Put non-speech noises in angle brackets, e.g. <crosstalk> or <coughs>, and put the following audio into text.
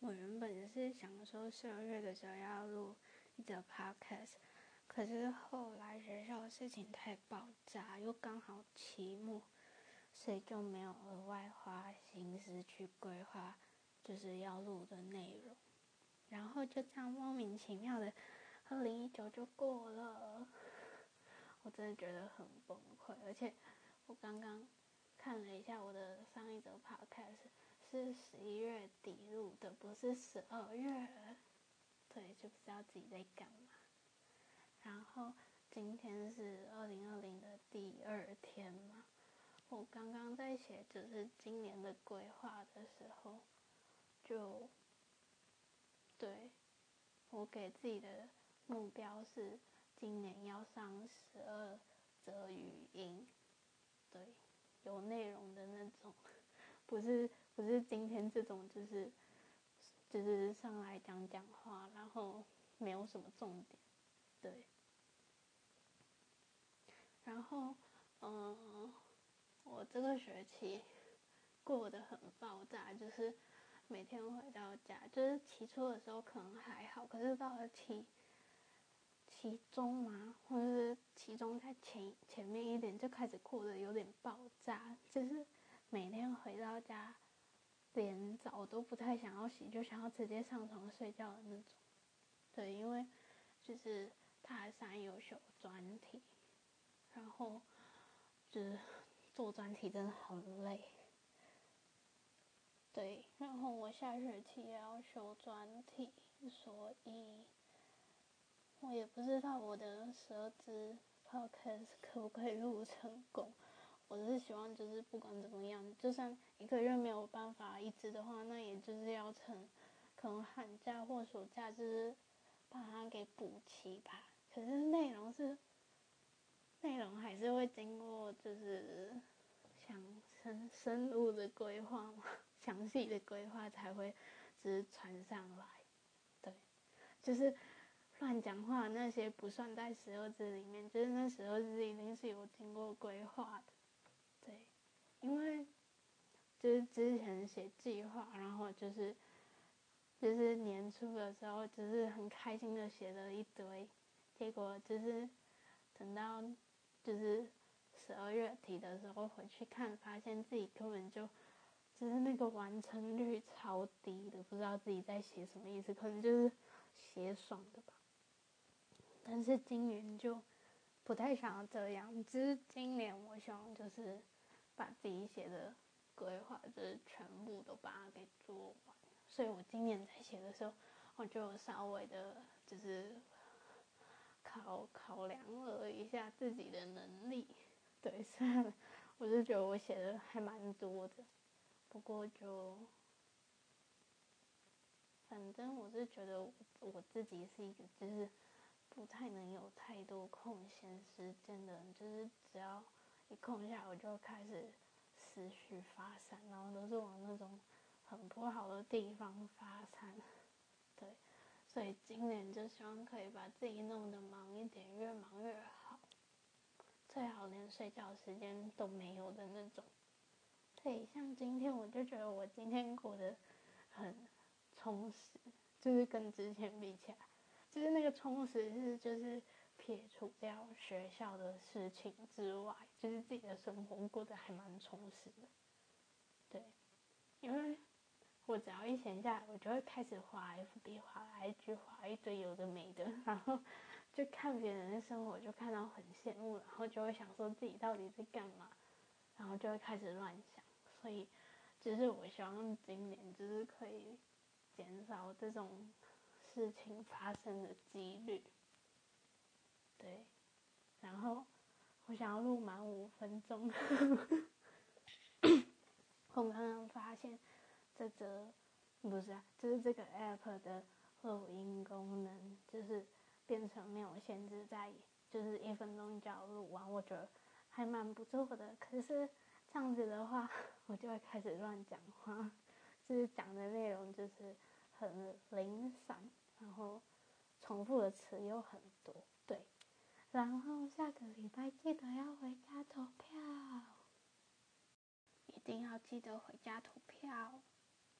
我原本是想說十二月的時候要錄一個 podcast，可是後來學校事情太爆炸，又剛好期末，所以就沒有額外花心思去規劃就是要錄的內容，然後就這樣莫名其妙的，二零一九就過了，我真的覺得很崩潰，而且我剛剛看了一下我的三。是十一月底錄的，不是十二月。對，就不知道自己在幹嘛。然後今天是二零二零的第二天嘛。我剛剛在寫，就是今年的規劃的時候，就，對，我給自己的目標是今年要上十二則語音，對，有內容的那種。不是不是今天這種就是，就是上來講講話，然後沒有什麼重點，對。然後，嗯，我這個學期過得很爆炸，就是每天回到家，就是起初的時候可能還好，可是到了期，期中嘛，啊，或者是期中在前前面一點就開始過得有點爆炸，就是。每天回到家，連澡都不太想要洗，就想要直接上床睡覺的那種。對，因為就是他還有修專題，然後就是做專題真的很累。對，然後我下學期也要修專題，所以，我也不知道我的舌之 Podcast 可不可以錄成功。我只是希望，就是不管怎麼樣，就算一個月沒有辦法一直的話，那也就是要趁，可能寒假或暑假，就是把它給補齊吧。可是內容是，內容還是會經過就是詳深深入的規劃，詳細的規劃才會就是傳上來。對，就是亂講話那些不算在十二字裡面，就是那十二字一定是有經過規劃的。因為就是之前寫計劃，然後就是就是年初的時候，就是很開心的寫了一堆，結果就是等到就是十二月底的時候回去看，發現自己根本就就是那個完成率超低的，不知道自己在寫什麼意思，可能就是寫爽的吧。但是今年就不太想要這樣，只是今年我想就是。把自己寫的規劃就是全部都把它給做完，所以我今年在寫的時候，我就稍微的就是考考量了一下自己的能力，對，所以我是覺得我寫的還蠻多的，不過就反正我是覺得我，我自己是一個就是不太能有太多空閒時間的人，就是只要。一空下我就開始思緒發散，然後都是往那種很不好的地方發散，對，所以今年就希望可以把自己弄得忙一點，越忙越好，最好連睡覺時間都沒有的那種。對，像今天我就覺得我今天過得很充實，就是跟之前比起來，就是那個充實是就是。解除掉學校的事情之外，就是自己的生活過得還蠻充實的。對，因為我只要一閒下來，我就會開始滑 F B 滑 I G 滑一堆有的沒的，然後就看別人的生活，就看到很羨慕，然後就會想說自己到底在幹嘛，然後就會開始亂想。所以，只是我希望今年就是可以減少這種事情發生的幾率。對，然後我想要錄滿五分鐘。呵呵 <coughs> 我們剛剛發現，這則不是啊，就是這個 app 的錄音功能，就是變成沒有限制在，就是一分鐘就要錄完，啊。我覺得還蠻不錯的，可是這樣子的話，我就會開始亂講話，就是講的內容就是很零散，然後重複的詞又很多。然後下個禮拜記得要回家投票，一定要記得回家投票。